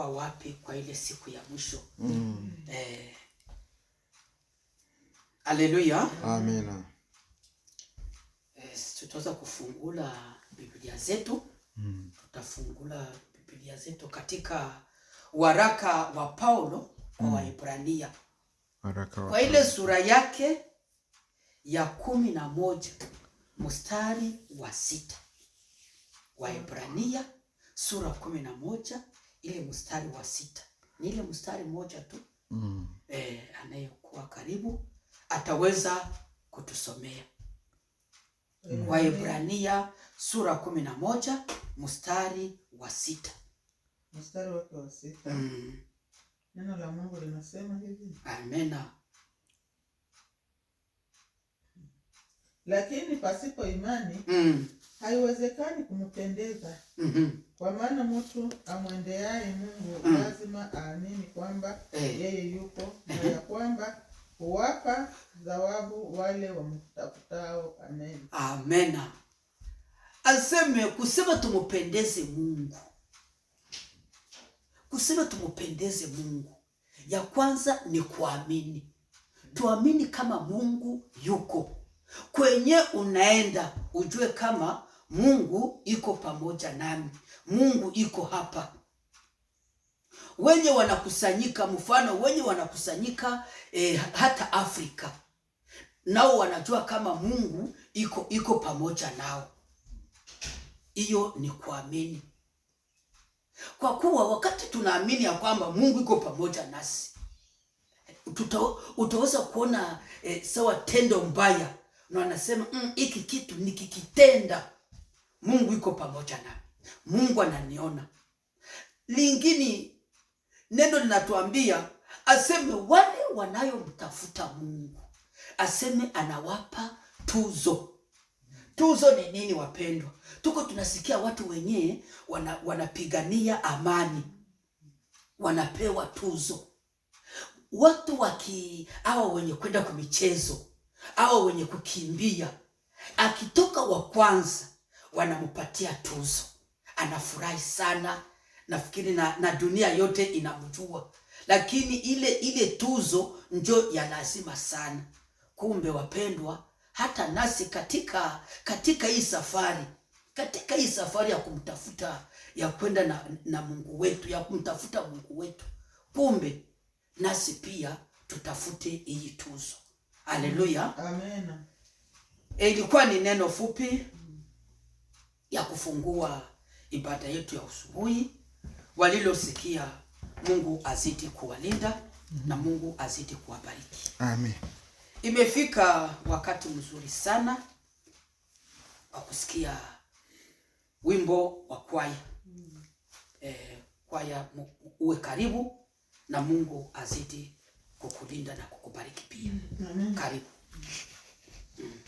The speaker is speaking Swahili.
walikuwa wapi kwa ile siku ya mwisho? mm. Eh, aleluya, amina. Eh, tutaweza kufungula Biblia zetu mm. tutafungula Biblia zetu katika waraka wa Paulo kwa mm. Waebrania kwa ile sura yake ya kumi na moja mstari wa sita. ibrania sura kumi na moja ile mstari wa sita ni ile mstari mmoja tu mm. E, anayekuwa karibu ataweza kutusomea mm. Waebrania sura kumi na moja mstari wa sita mstari wake wa sita mm. Neno la Mungu linasema hivi. Amena. Lakini pasipo imani mm. haiwezekani kumpendeza mm -hmm. Kwa maana mtu amwendeaye Mungu mm. lazima aamini kwamba eh. yeye yupo na eh. ya kwamba huwapa zawabu wale wamtafutao. Amen. Amena. Aseme kusema tumupendeze Mungu, kusema tumupendeze Mungu, ya kwanza ni kuamini. Tuamini kama Mungu yuko kwenye unaenda, ujue kama Mungu iko pamoja nami. Mungu iko hapa. Wenye wanakusanyika mfano, wenye wanakusanyika e, hata Afrika nao wanajua kama Mungu iko iko pamoja nao. Hiyo ni kuamini, kwa kuwa wakati tunaamini ya kwamba Mungu iko pamoja nasi tuta, utaweza kuona e, sawa tendo mbaya na anasema mm, hiki kitu nikikitenda Mungu iko pamoja nami. Mungu ananiona. lingini neno linatuambia aseme wale wanayomtafuta Mungu, aseme anawapa tuzo. Tuzo ni nini, wapendwa? Tuko tunasikia watu wenyewe wana, wanapigania amani wanapewa tuzo. Watu waki hawa wenye kwenda kwa michezo, hawa wenye kukimbia, akitoka wa kwanza wanampatia tuzo anafurahi sana, nafikiri na, na dunia yote inamjua, lakini ile ile tuzo njo ya lazima sana. Kumbe wapendwa, hata nasi katika katika hii safari katika hii safari ya kumtafuta ya kwenda na, na Mungu wetu ya kumtafuta Mungu wetu, kumbe nasi pia tutafute hii tuzo. Haleluya, amen. Ilikuwa ni neno fupi ya kufungua ibada yetu ya usubuhi. Walilosikia, Mungu azidi kuwalinda mm -hmm. na mhm. Mungu azidi kuwabariki Amen. Imefika wakati mzuri sana wa kusikia wimbo wa kwaya mm. E, kwaya uwe karibu na Mungu azidi kukulinda na kukubariki pia. Amen. Karibu mm.